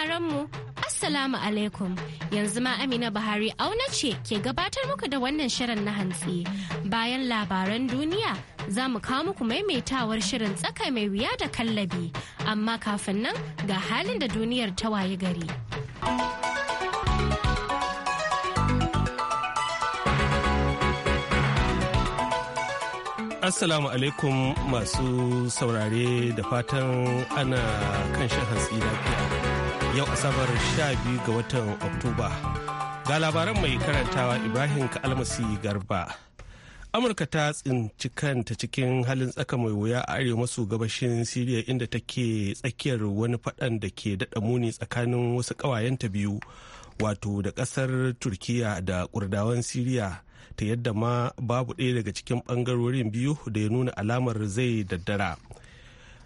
sauraronmu Assalamu alaikum yanzu ma Amina Buhari auna ce ke gabatar muku da wannan shirin na hantsi bayan labaran duniya za mu kawo muku maimaitawar shirin tsaka mai wuya da kallabi amma kafin nan ga halin da duniyar ta waye gari. Assalamu alaikum masu saurare da fatan ana kan shan hantsi lafiya. yau asabar 12 ga watan oktoba ga labaran mai karantawa ibrahim kalmasi garba amurka ta tsinci kanta cikin halin tsaka mai wuya a arewa maso gabashin siriya inda take tsakiyar wani fadan da ke daɗa muni tsakanin wasu kawayenta biyu wato da kasar turkiya da kurdawan siriya ta yadda ma babu ɗaya daga cikin bangarorin biyu da ya nuna alamar zai daddara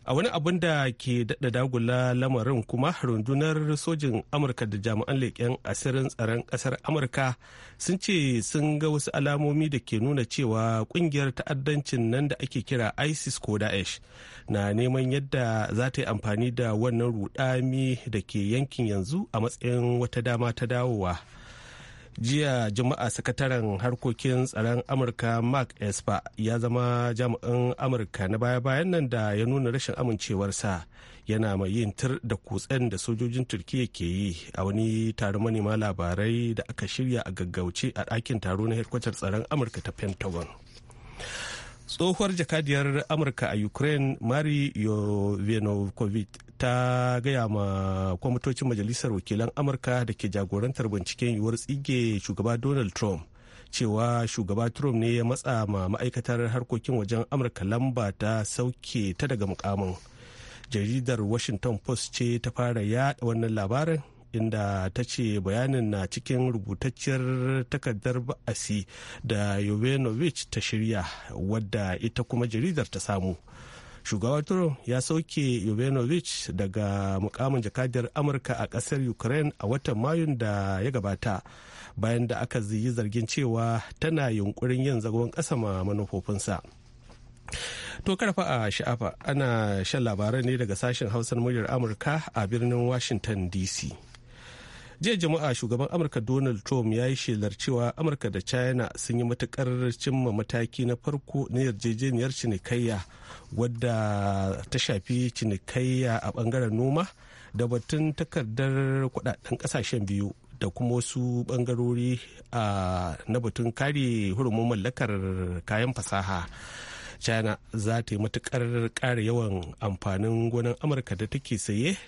a wani abin da ke daɗa dagula lamarin kuma rundunar sojin amurka da jami'an leƙen asirin tsaron ƙasar amurka sun ce sun ga wasu alamomi da ke nuna cewa ƙungiyar ta'addancin nan da ake kira isis ko daesh na neman yadda za ta yi amfani da wannan rudami da ke yankin yanzu a matsayin wata dama ta dawowa jiya juma'a sakataren harkokin tsaron amurka mark esper ya zama jami'in amurka na baya-bayan nan da ya nuna rashin amincewarsa yana mai yin tur da kutsen da sojojin turkiya ke yi a wani taron manema labarai da aka shirya a gaggauce a ɗakin taro na hirkwatar tsaron amurka ta pentagon tsohuwar jakadiyar amurka a ukraine mari yovenovic ta gaya ma kwamitocin majalisar wakilan amurka da ke jagorantar binciken yiwuwar tsige shugaba donald trump cewa shugaba trump ne ya matsa ma ma'aikatar harkokin wajen amurka lamba ta sauke ta daga mukamin jaridar washington post ce ta fara yada wannan labarin inda ta ce bayanin na cikin rubutacciyar takardar ba'asi da yovanovich ta shirya wadda ita kuma jaridar ta samu shugaba turo ya sauke yovanovich daga mukamin jakadiyar amurka a kasar ukraine a watan mayun da ya gabata bayan da aka ziyi zargin cewa tana yunkurin yin zagon kasa ma manufofinsa to karfa a sha'afa ana shan labarai ne daga sashen hausar muryar amurka a birnin washington dc jiya jama'a shugaban amurka donald trump ya yi shelar cewa amurka da china sun yi matukar cimma mataki na farko na yarjejeniyar cinikayya wadda ta shafi cinikayya a bangaren noma da batun takardar kudaden kasashen biyu da kuma wasu bangarori na batun kare hurumin mallakar kayan fasaha china za ta yi matukar kare yawan amfanin gonan amurka da take saye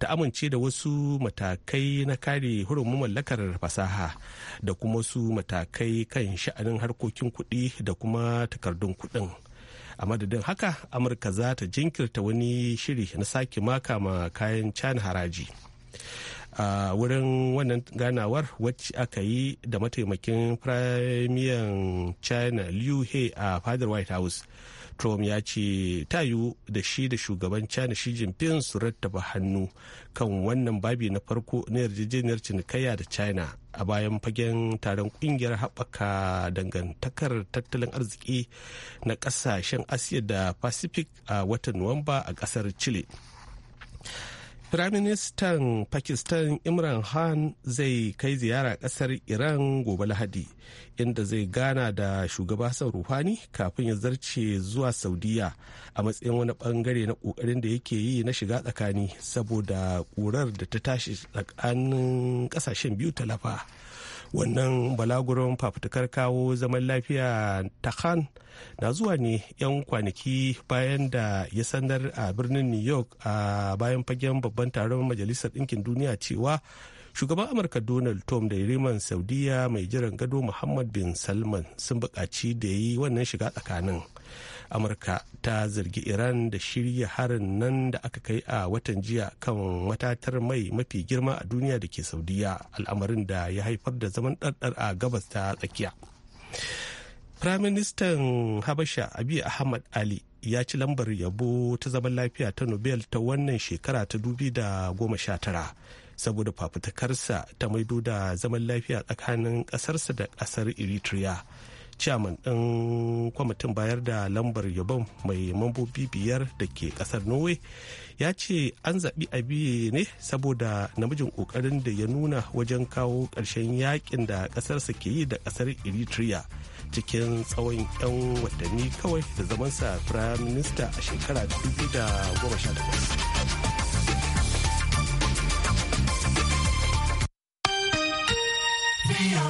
ta amince da wasu matakai na kare hurumin mallakar fasaha da kuma wasu matakai kan sha'anin harkokin kuɗi da kuma takardun kuɗin a madadin haka amurka za ta jinkirta wani shiri na sake maka ma kayan cana haraji a wurin wannan ganawar wacce aka yi da mataimakin firayimiyan china liu he a fadar white house trump ya ce ta yiwu da shi da shugaban china shi jinping su rattaba hannu kan wannan babi na farko na yarjejeniyar cinikayya da china a bayan fagen taron kungiyar haɓaka dangantakar tattalin arziki na ƙasashen asiya da pacific a watan nuwamba a ƙasar chile Firaministan Pakistan Imran Khan zai kai ziyara ƙasar Iran gobe Lahadi, inda zai gana da shugaba Hassan Ruhani kafin ya zarce zuwa Saudiya a matsayin wani bangare na ƙoƙarin da yake yi na shiga tsakani saboda ƙurar da ta tashi tsakanin ƙasashen biyu talafa. wannan balaguron fafutukar kawo zaman lafiya ta khan na zuwa ne 'yan kwanaki bayan da ya sanar a birnin new york a bayan fagen babban taron majalisar ɗinkin duniya cewa shugaban amurka donald trump da yariman saudiya mai jiran gado muhammad bin salman sun buƙaci da yi wannan shiga tsakanin amurka ta zargi iran da shirya harin nan da aka kai a watan jiya kan matatar mai mafi girma a duniya da ke saudiya al'amarin da ya haifar da zaman ɗarɗar a gabas ta tsakiya firaministan habasha abi ahmad ali ya ci lambar yabo ta zaman lafiya ta nobel ta wannan shekara ta dubi da goma sha tara saboda fafutukarsa ta maido da zaman lafiya tsakanin ƙasarsa da ƙasar eritrea chairman ɗin kwamitin bayar da lambar yabon mai mambobi biyar da ke ƙasar norway ya ce an zaɓi a biye ne saboda namijin ƙoƙarin da ya nuna wajen kawo ƙarshen yakin da ƙasarsa ke yi da ƙasar eritrea cikin tsawon 'yan watanni kawai da zamansa prime minister a shekara da Yeah.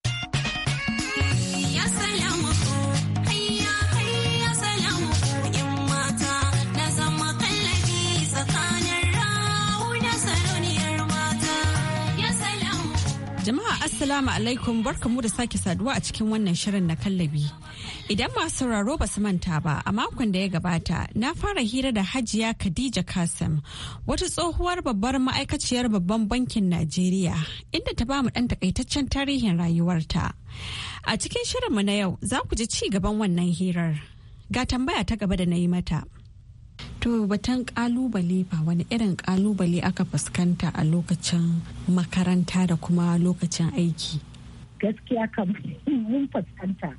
Jama'a Assalamu alaikum barkamu da sake saduwa a cikin wannan shirin na kallabi. Idan masu sauraro ba su manta ba a makon da ya gabata na fara hira da Hajiya Khadija Kasim wata tsohuwar babbar ma'aikaciyar babban bankin Najeriya inda ta bamu ɗan takaitaccen tarihin rayuwarta. A cikin shirinmu na yau za ku ji ci gaban wannan hirar. Ga tambaya ta gaba da na yi mata. To ƙalubale kalubale ba wani irin kalubale aka fuskanta a lokacin makaranta da kuma lokacin aiki. Gaskiya kan mun fuskanta.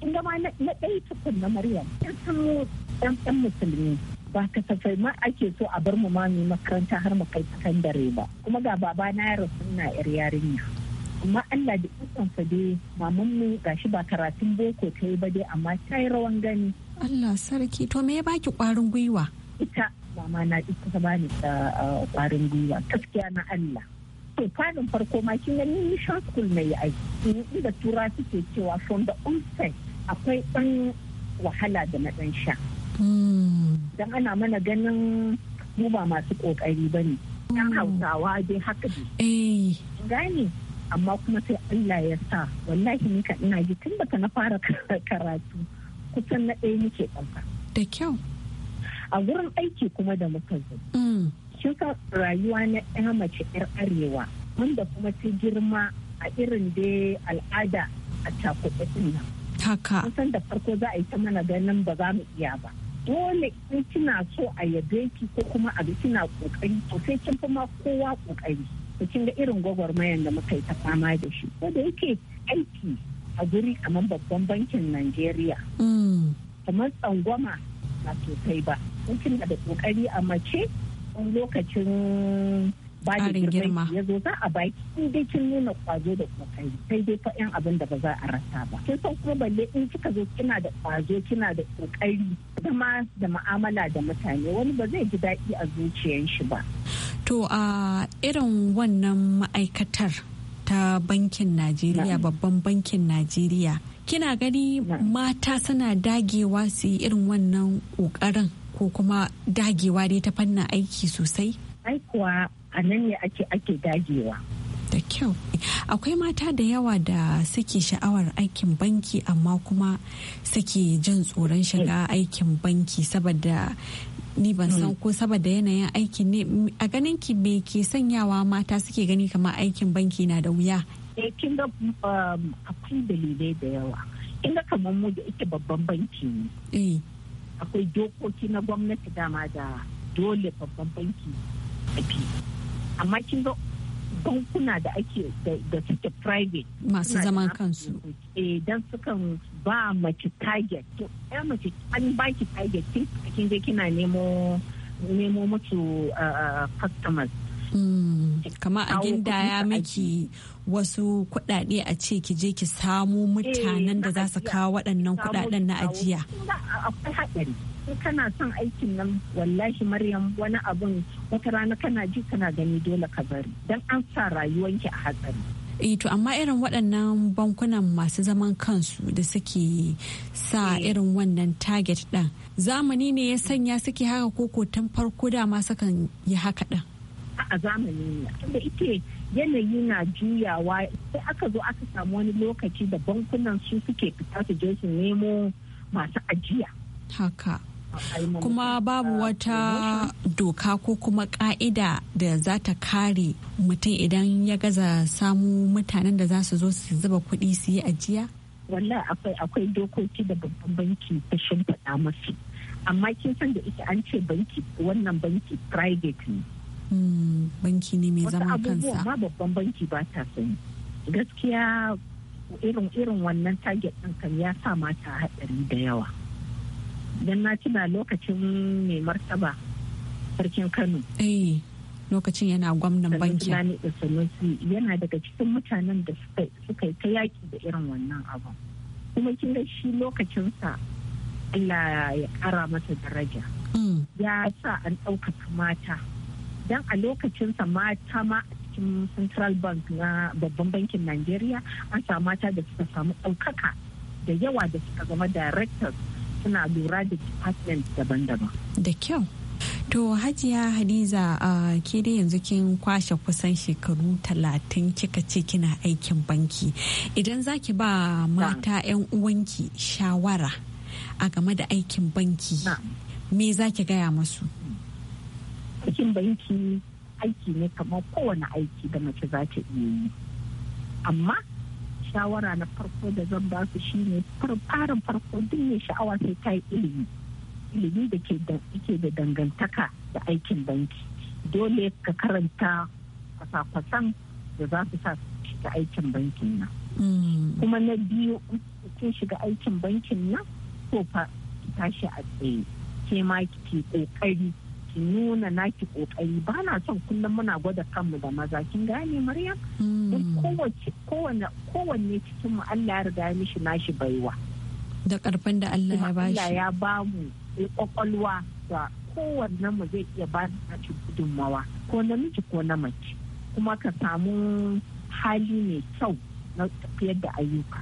Inda ma na ɗaya tukun na Maryam, ɗan samu ɗan musulmi ba tafai ma ake so a bar mu ma mu makaranta har mu kai sakandare ba. Kuma ga baba na ya rasu na yar yarinya. Amma Allah da ikonsa dai mamanmu gashi ba karatun boko ta yi ba dai amma ta yi rawan gani. Allah sarki to me ya baki kwarin gwiwa? Ita mama na ita ta bani kwarin ah, ah, gwiwa gaskiya na Allah. To kwanin farko ma kin ga mission school na yi aiki inda tura suke cewa from the onset akwai ɗan wahala da na ɗan sha. Hmm. Don ana mana ganin mu ba masu ƙoƙari ba ne. Ɗan hmm. hausawa dai haka ne. Eh. Gane amma kuma sai Allah ya sa wallahi ni ka ina ji tun da na fara karatu. kusan na ɗaya muke ɗauka. Da kyau. A wurin aiki kuma da muka zo. Mm. Kin ka rayuwa na ɗaya mace 'yar arewa wanda kuma ta girma a irin da al'ada a cakuɗe ɗin nan. Haka. Kusan da farko za a yi ta mana ganin ba za mu iya ba. Dole in kina so a yabe ki ko kuma a ga kina ƙoƙari to sai kin fi ma kowa ƙoƙari. Kin ga irin gwagwarmayan da muka yi ta fama da shi. Ko da yake aiki a guri kamar babban bankin Najeriya. Mm. Kamar tsangwama ba sosai ba. Mutum da kokari a mace wani lokacin ba da girma ya zo za a baki in dai kin nuna kwazo da kokari sai dai fa yan abin da ba za a rasa ba kin san kuma balle in kika zo kina da kwazo kina da kokari zama da ma'amala da mutane wani ba zai ji daɗi a zuciyan shi ba to a irin wannan ma'aikatar ta bankin najeriya babban bankin najeriya kina gani mata suna dagewa su yi irin wannan kokarin ko kuma dagewa dai ta fannin aiki sosai? Aikuwa a nan ne ake ake dagewa da kyau akwai mata da yawa da suke sha'awar aikin banki amma kuma suke jin tsoron shiga aikin banki saboda ni ban san hmm. ko saboda yanayin aikin ne a ganin ki me ke sanyawa mata suke gani kamar aikin banki na da wuya eh, kin ga um, akwai dalilai da yawa kin ga kamar mu da ita babban banki ne eh. akwai dokoki na gwamnati dama da dole babban banki a amma kin ga bankuna da ake da suke private masu zaman kansu eh dan sukan ba mace target to ya mace an ba ki target kin kin je kina nemo nemo mutu customers hmm, kama a ginda ya miki wasu kuɗaɗe a ce ki je ki samu mutanen da eh, za su kawo waɗannan kuɗaɗen na ajiya akwai haɗari in kana son aikin nan wallahi maryam wani abun wata rana kana ji kana gani dole ka bari dan an sa rayuwanki a hatsari e to amma irin waɗannan bankunan masu zaman kansu da suke sa eh. irin wannan target ɗin zamani ne ya sanya suke haka koko tun farko dama sukan yi haka ɗan. a zamani ne da ita yanayi na juyawa sai aka zo aka samu wani lokaci da bankunan su suke fita su je su nemo masu ajiya haka kuma babu wata doka ko kuma ka'ida da za ta kare mutum idan ya gaza samu mutanen da za su zo su zuba kuɗi su yi ajiya? Wallah akwai akwai dokoki da babban banki ta shimfiɗa masu Amma kin san da ita an ce banki wannan banki private ne. Hmm, banki ne mai zaman kansa. Wasu abubuwa ma babban banki ba ta sani. Gaskiya irin irin wannan target ɗin kan ya sa mata haɗari da yawa. don na tuna lokacin mai martaba sarkin kano eh lokacin yana gwamnan banki yana daga cikin mutanen da suka yi ta yaki da irin wannan abu kuma kin ga shi lokacinsa Allah ya kara masa daraja mm. ya sa an ɗaukaka mata don a lokacinsa mata ma a cikin central bank na babban bankin najeriya an sa mata da suka samu ɗaukaka da yawa da suka zama directors suna lura da department daban-daban da kyau to hajiya hadiza uh, ke dai yanzu kin kwashe kusan shekaru talatin kika ce kina aikin banki idan za ki ba mata 'yan uwanki shawara a game da aikin banki me za ki gaya masu aikin banki aiki ne kamar kowane aiki da mace za ta yi amma shawara na farko da zan ba su shine farin farko duk mai sha'awa sai ta yi ilimi ilimi da ke da dangantaka da aikin banki dole ka karanta kwasa-kwasan da za su sa shiga aikin bankin nan hmm. kuma na biyu kin shiga aikin bankin nan ko fa tashi a tsaye ke ma ke kokari ki nuna naki kokari ba na son kullum muna gwada kanmu da maza kin gane maryam hmm. don kowanne cikin mu Allah ya riga mishi nashi baiwa da karfin da Allah ya bashi Allah ya ba mu kwakwalwa kowanne mu zai iya ba nashi gudunmawa ko miki ko na mace kuma ka samu hali mai kyau na tafiyar da ayyuka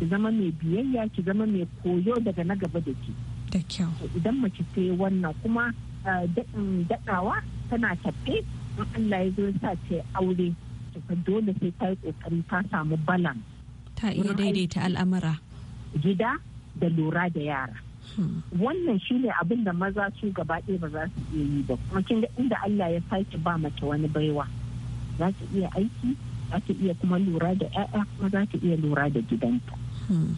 ki zama mai biyayya ki zama mai koyo daga na gaba da ke idan mace ta yi wannan kuma daɗin daɗawa tana tafe in Allah ya zo sa ce aure to dole sai ta yi kokari ta samu balan ta iya daidaita al'amura gida da lura da yara hmm. wannan shine abin da maza su gaba ɗaya ba za su iya yi ba kuma kin ga inda Allah ya sake ba mace wani baiwa za ta iya aiki za ta iya kuma lura da 'ya'ya kuma za ta iya lura da gidanta hmm.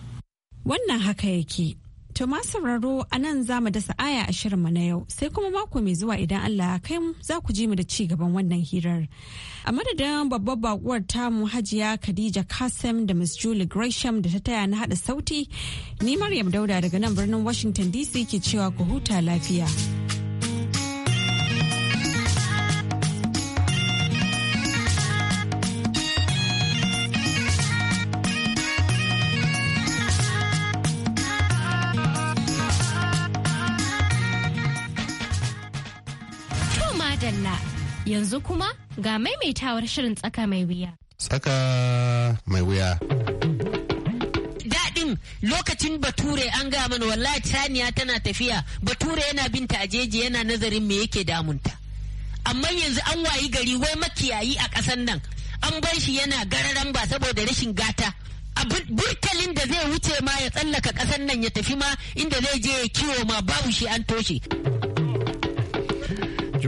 wannan haka yake To ma sauraro a nan za mu dasa aya a shirinmu na yau sai kuma mako mai zuwa idan Allah ya kai za ku ji mu da ci gaban wannan hirar. A madadin babbar bakuwar tamu Hajiya Khadija Kasim da Miss Julie Gresham da ta taya na hada sauti, ni Maryam Dauda daga nan birnin Washington DC ke cewa ku huta lafiya. yanzu kuma ga maimaitawar shirin tsaka mai wuya. Tsaka mai wuya. Daɗin lokacin bature an ga mana wallahi saniya tana tafiya bature yana binta a jeji yana nazarin me yake damunta. Amma yanzu an wayi gari wai makiyayi a ƙasan nan an bar shi yana gararan ba saboda rashin gata. a burtalin da zai wuce ma ya tsallaka ƙasan nan ya tafi ma inda zai je ya kiwo ma babu shi an toshe.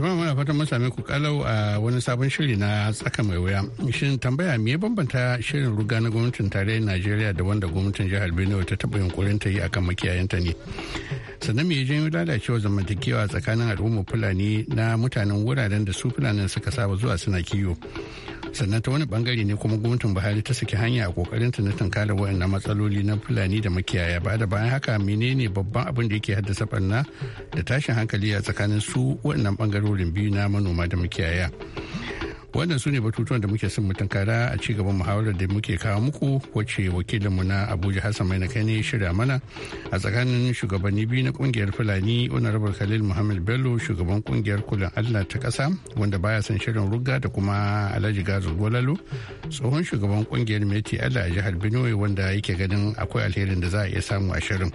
jama'a muna fatan mun same ku kalau a wani sabon shiri na tsaka mai wuya shin tambaya me bambanta shirin ruga na gwamnatin tarayyar najeriya da wanda gwamnatin jihar benue ta taba yunkurin ta yi akan makiyayanta ne sannan me janyo lalacewa zamantakewa tsakanin al'ummar fulani na mutanen wuraren da su fulanin suka saba zuwa suna kiyo. sannan ta wani bangare ne kuma gwamnatin buhari ta saki hanya a kokarin ta na tunkarar wayannan matsaloli na fulani da makiyaya ba da bayan haka menene babban abin da yake haddasa barna da tashin hankali a tsakanin su wayannan bangarorin biyu na manoma da makiyaya wannan su ne batutuwan da muke son mutum kara a cigaban gaban muhawarar da muke kawo muku wacce wakilinmu na abuja hassan mai kai ne shirya mana a tsakanin shugabanni biyu na kungiyar fulani honorable khalil muhammad bello shugaban kungiyar kulan allah ta kasa wanda baya son shirin rugga da kuma alhaji gazu gwalalo tsohon shugaban kungiyar meti allah a jihar benue wanda yake ganin akwai alherin da za a iya samu a shirin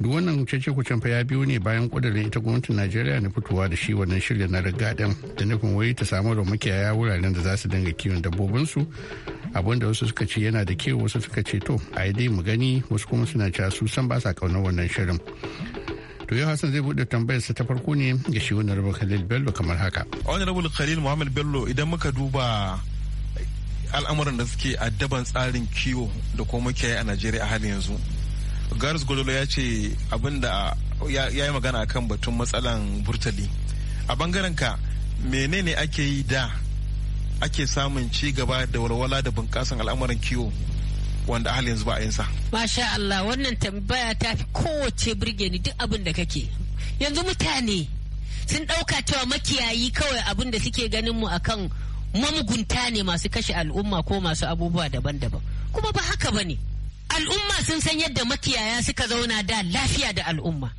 duk wannan cece kucin fa ya biyo ne bayan kudirin ita gwamnatin najeriya na fitowa da shi wannan shirin na rigaɗin da nufin wai ta samar da makiyaya wuraren da za su dinga kiwon su abin da wasu suka ce yana da kyau wasu suka ce to a yi dai mu gani wasu kuma suna cewa su san ba sa kaunar wannan shirin to yau hassan zai bude tambayar sa ta farko ne ga shi rabu khalil bello kamar haka honorable khalil muhammad bello idan muka duba al'amuran da suke addaban tsarin kiwo da kuma muke a najeriya a halin yanzu garis gololo ya ce abinda ya yi magana kan batun matsalan burtali a bangaren ka menene ake yi da ake samun ci gaba da walwala da bunƙasan al'amuran kiwo wanda hal yanzu ba a yin Masha Allah wannan tambaya ta fi kowace birge ni duk abin da kake. Yanzu mutane sun ɗauka cewa makiyayi kawai abin da suke ganin mu akan mamugunta ne masu kashe al'umma ko masu abubuwa daban-daban. Kuma ba haka bane. al'umma sun san yadda makiyaya suka zauna da lafiya da al'umma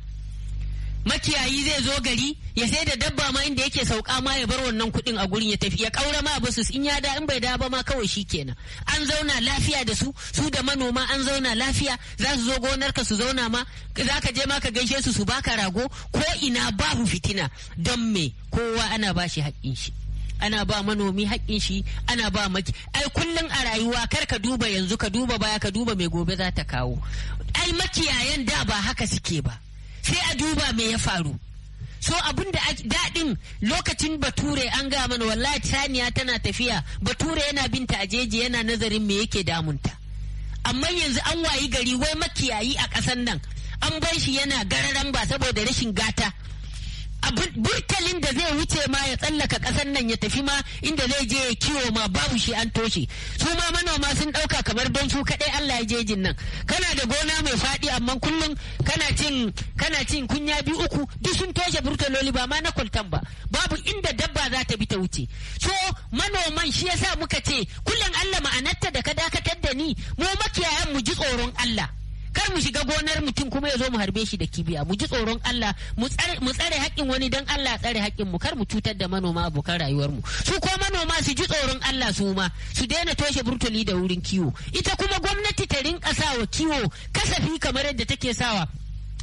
makiyayi zai zo gari ya sai da dabba ma inda yake sauka ma ya bar wannan kuɗin a gurin ya tafi ya ƙaura ma basu in ya da in bai da ba ma kawai shi kenan an zauna lafiya da su su da manoma an zauna lafiya za su zo gonarka su zauna ma za ka je ma ka gaishe su su baka rago ko ina babu fitina don me kowa ana bashi haƙƙin shi ana ba manomi haƙƙin shi ana ba maki ai kullum a rayuwa kar ka duba yanzu ka duba baya ka duba mai gobe za ta kawo ai makiyayan da ba haka suke ba sai a duba me ya faru so abin da daɗin lokacin bature an ga mana wallahi saniya tana tafiya bature yana binta a jeji yana nazarin me yake damunta amma yanzu an wayi gari wai makiyayi a ƙasar nan an bar shi yana gararan ba saboda rashin gata burtalin da zai wuce ma ya tsallaka ƙasar nan ya tafi ma inda zai je ya kiwo ma babu shi an toshe su ma manoma sun ɗauka kamar don su kaɗai Allah ya jejin nan kana da gona mai faɗi amma kullum kana cin kana cin kunya biyu uku duk sun toshe burtaloli ba ma na kwaltan ba babu inda dabba za ta bi ta wuce so manoman shi yasa muka ce kullum Allah ma'anarta da ka dakatar da ni mu makiyayan mu ji tsoron Allah kar mu shiga gonar mutum kuma ya zo mu harbe shi da kibiya mu ji tsoron Allah mu tsare haƙƙin wani dan Allah tsare haƙƙin mu kar mu cutar da manoma abokan rayuwar mu su ko manoma su ji tsoron Allah su ma su daina toshe burtuli da wurin kiwo ita kuma gwamnati ta rinka sawa kiwo kasafi kamar yadda take sawa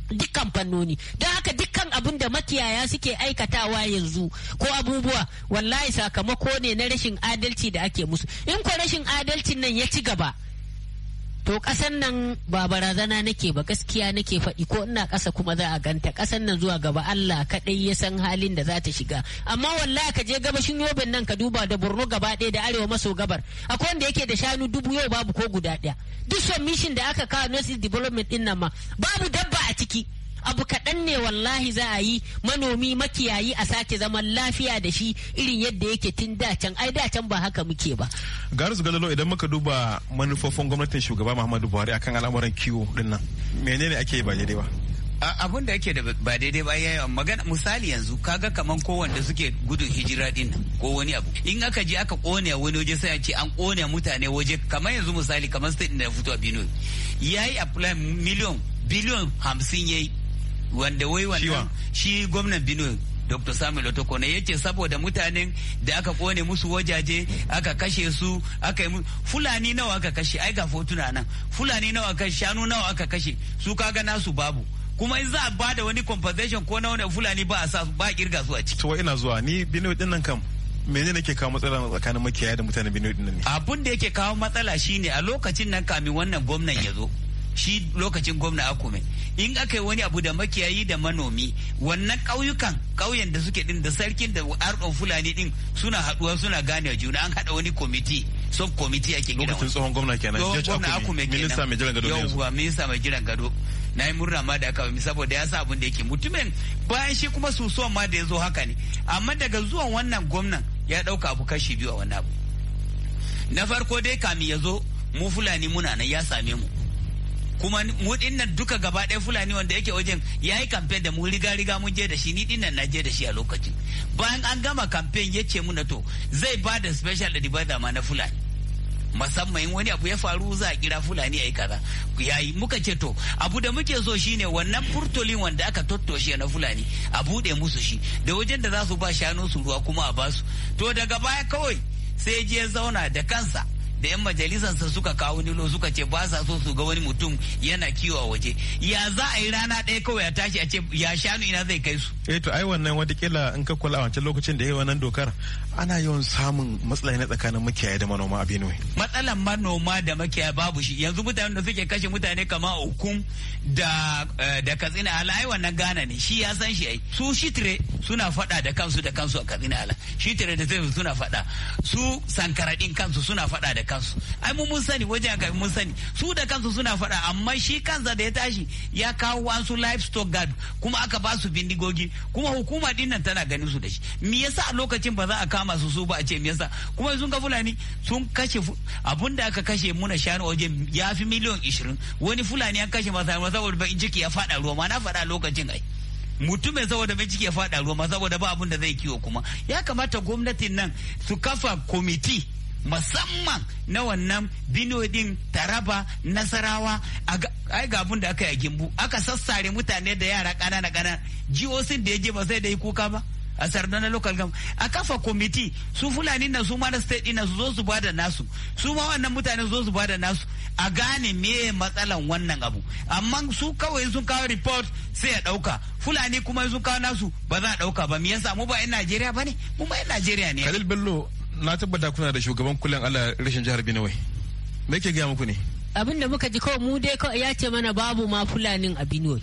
dukkan fannoni don haka dukkan abin da makiyaya suke aikatawa yanzu ko abubuwa wallahi sakamako ne na rashin adalci da ake musu in ko rashin adalcin nan ya ci gaba to kasan nan ba barazana nake ba gaskiya nake faɗi ko ina ƙasa kuma za a ganta ƙasan nan zuwa gaba Allah kaɗai ya san halin da za ta shiga amma wallahi ka je gabashin yobin nan ka duba da Borno gaba ɗaya da arewa maso gabar akwai wanda yake da shanu dubu yau babu ko guda ɗaya duk submission da aka kawo North Development din nan ma babu dabba a ciki abu kaɗan ne wallahi za a yi manomi makiyayi a sake zaman lafiya da shi irin yadda yake tun da can ai da can ba haka muke ba garis galilo idan muka duba manufofin gwamnatin shugaba muhammadu buhari akan al'amuran kiwo dinnan menene ake ba daidai ba abin da yake da ba daidai ba yayi magana misali yanzu kaga kaman ko wanda suke gudun hijira din ko wani abu in aka je aka kone wani waje sai a ce an kone mutane waje kamar yanzu misali kamar state da fito a Benue yayi apply miliyon biliyon hamsin yayi wanda wai wannan shi gwamnan Benue Dr. Samuel Otokone ya ce saboda mutanen da aka kone musu wajaje aka kashe su aka yi Fulani nawa aka kashe ai ga fotuna nan Fulani nawa aka shanu nawa aka kashe su kaga nasu babu kuma in za a ba da wani compensation ko na wani Fulani ba a sa ba kirga su a ciki. To ina zuwa ni Benue din nan kam menene ne ke kawo matsala tsakanin makiyaya da mutanen Benue din nan ne? Abun da yake kawo matsala shine a lokacin nan kamin wannan gwamnan ya zo. shi lokacin gwamna akume in aka yi wani abu da makiyayi da manomi wannan ƙauyukan ƙauyen da suke din da sarkin da arɗon fulani din suna haɗuwa suna gane juna an haɗa wani kwamiti sub kwamiti ake gina lokacin tsohon gwamna kenan tsohon gwamna akume kenan minista mai jiran gado yawwa minista mai jiran gado na yi murna ma da aka wami saboda ya sa abin da yake mutumin bayan shi kuma susuwan ma da ya zo haka ne amma daga zuwan wannan gwamnan ya ɗauka abu kashi biyu a wannan abu na farko dai kamin ya zo mu fulani muna nan ya same mu kuma mu dinnan duka gaba ɗaya fulani wanda yake wajen ya yi kamfen da mu riga riga mun je da shi ni dinnan na je da shi a lokacin bayan an gama kamfen ya ce muna to zai ba da special advisor ma na fulani musamman in wani abu ya faru za a kira fulani a yi kaza yi muka ce to abu da muke so shine wannan furtolin wanda aka tottoshe na fulani a buɗe musu shi da wajen da za su ba shanu su ruwa kuma a basu to daga baya kawai sai je zauna da kansa da yan majalisansa suka kawo nilo suka ce ba sa so su ga wani mutum yana kiwo a waje ya za a yi rana ɗaya kawai ya tashi a ce ya shanu ina zai kai su eh to ai wannan watakila in ka kula a wancan lokacin da ya wannan dokar ana yawan samun matsala na tsakanin makiyaya da manoma a Benue matsalan manoma da makiyaya babu shi yanzu mutanen da suke kashe mutane kama ukun da eh, da katsina ala ai wannan gana ne shi ya san shi ai su shitire suna fada da kansu da kansu a katsina ala shitire da zai suna fada su sankaradin kansu suna fada da kansu ai mu mun sani wajen ga mun sani su da kansu suna fada amma shi kansa da ya tashi ya kawo wasu livestock guard kuma aka ba su bindigogi kuma hukuma din nan tana ganin su da shi me yasa a lokacin ba za a kama su su ba a ce me yasa kuma sun ga fulani sun kashe abun da aka kashe muna shanu wajen ya fi miliyan 20 wani fulani an kashe masa saboda bakin ciki ya faɗa ruwa ma na faɗa lokacin ai mutum mai saboda bai ciki ya faɗa ruwa ma saboda ba abun da zai kiwo kuma ya kamata gwamnatin nan su kafa kwamiti musamman na wannan binodin taraba nasarawa a ga abun da aka yi gimbu aka sassare mutane da yara ƙanana ƙanana jihohin da ya je ba sai da yi kuka ba a sardana local gam a kafa kwamiti su fulani na su ma na state ina su zo su bada nasu su ma wannan mutane su zo su bada nasu a gane me matsalan wannan abu amma su kawai sun kawo report sai ya ɗauka fulani kuma sun kawo nasu ba za a ɗauka ba me yasa mu ba 'yan najeriya ba ne mu ma 'yan najeriya ne khalil bello na tabbata kuna da shugaban kullum Allah rashin jihar Benue. Me ke gaya muku ne? Abin da muka ji kawai mu dai kawai ya ce mana babu ma Fulanin a Benue.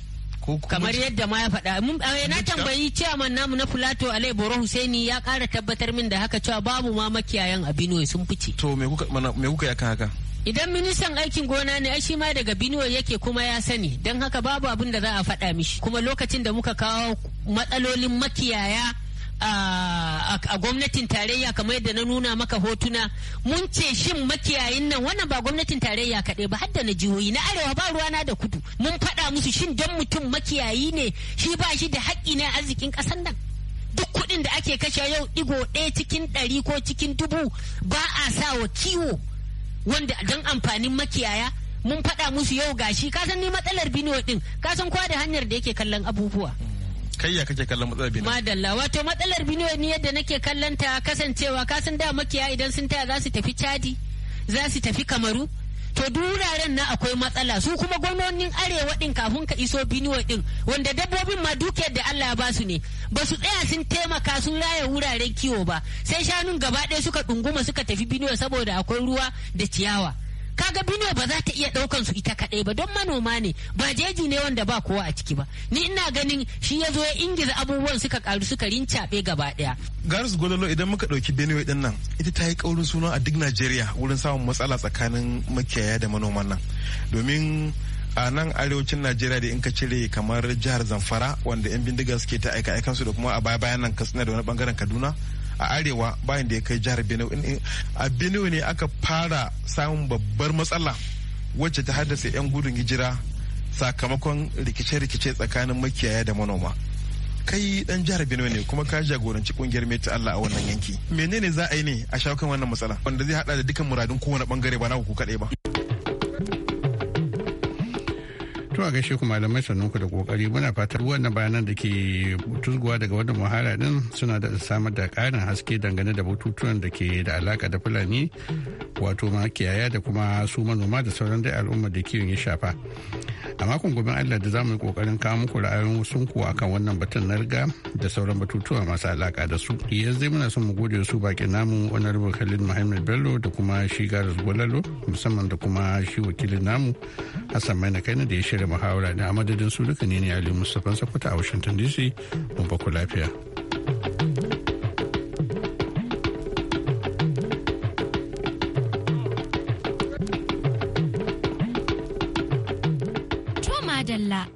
Kamar yadda ma ya faɗa. Eh, na tambayi ciyaman namu na Fulato Alai Boro Husaini ya ƙara tabbatar min da haka cewa babu ma makiyayan a Benue sun fice. To me kuka ya kan haka? Idan ministan aikin gona ne ai shi ma daga Benue yake kuma ya sani don haka babu abin da za a faɗa mishi. Kuma lokacin da muka kawo matsalolin makiyaya a gwamnatin tarayya kamar yadda na nuna maka hotuna mun ce shin makiyayin nan wannan ba gwamnatin tarayya kaɗai ba hadda na jihohi na arewa ba ruwa na da kudu mun faɗa musu shin don mutum makiyayi ne shi ba shi da haƙƙi na arzikin ƙasar nan duk kuɗin da ake kashe yau ɗigo ɗaya cikin ɗari ko cikin dubu ba a sa wa kiwo wanda don amfanin makiyaya mun faɗa musu yau gashi ka san ni matsalar bidiyo ɗin ka san kowa da hanyar da yake kallon abubuwa. kai kake kallon matsalar Benue madalla wato matsalar binuwa ni yadda nake kallon ta kasancewa ka san da makiya idan sun taya za su tafi Chadi za su tafi Kamaru to duk wuraren na akwai matsala su kuma gwamnonin arewa din kafin ka iso binuwa din wanda dabbobin ma dukiyar da Allah ya ba su ne ba su tsaya sun taimaka sun raya wuraren kiwo ba sai shanun gaba ɗaya suka ɗunguma suka tafi binuwa saboda akwai ruwa da ciyawa kaga Benue ba za ta iya ɗaukan su ita kaɗai ba don manoma ne ba jeji ne wanda ba kowa a ciki ba ni ina ganin shi ya zo ya ingiza abubuwan suka karu suka rincaɓe gaba ɗaya. Garis Gololo idan muka ɗauki Benue ɗin nan ita ta yi kaurin suna a duk Najeriya wurin samun matsala tsakanin makiyaya da manoman nan domin a nan arewacin najeriya da in ka cire kamar jihar zamfara wanda yan bindiga suke ta aika aikansu da kuma a baya bayan nan katsina da wani bangaren kaduna a arewa bayan da ya kai jihar benue a benue ne aka fara samun babbar matsala wacce ta haddasa 'yan gudun hijira sakamakon rikice-rikice tsakanin makiyaya da manoma kai dan jihar benue ne kuma ka jagoranci kungiyar meta allah a wannan yanki menene za a yi ne a shawo kan wannan matsala wanda zai hada da dukkan muradun kowane bangare ba na ku kadai ba To a gaishe ku malamai sannan ku da kokari muna fatar wannan bayanan da ke tuzguwa daga wannan muhara din suna da samar da karin haske dangane da batutuwan da ke da alaka da Fulani wato ma kiyaya da kuma su manoma da sauran dai al'ummar da kiwon ya shafa. a makon gobe allah da za mu yi kokarin kawo muku ra'ayoyin wasu ku akan wannan batun na riga da sauran batutuwa masu alaka da su yanzu dai muna son mu gode su bakin namu honorable khalid muhammad bello da kuma shi garis gwalalo musamman da kuma shi wakilin namu hassan maina kaina da ya shirya muhawara da a madadin su duka ne ne ali mustapha sakwata a washington dc mun baku lafiya.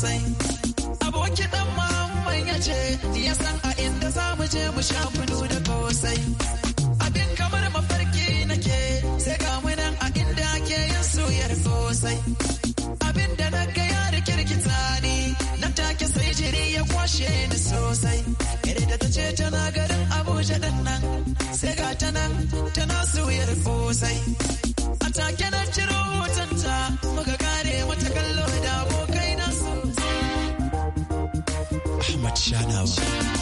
sosai aboki dan mamman ya ce ya san a inda za mu je mu sha kunu da kosai abin kamar mafarki nake sai ga mu nan a inda ake yin suyar kosai abin da na ga ya rikirkita ni nan take sai jiri ya kwashe ni sosai ire da ta ce tana garin abuja ɗan nan sai ga ta nan tana suyar sosai. a take na ciro hotonta muka kare mata kallon Shout out.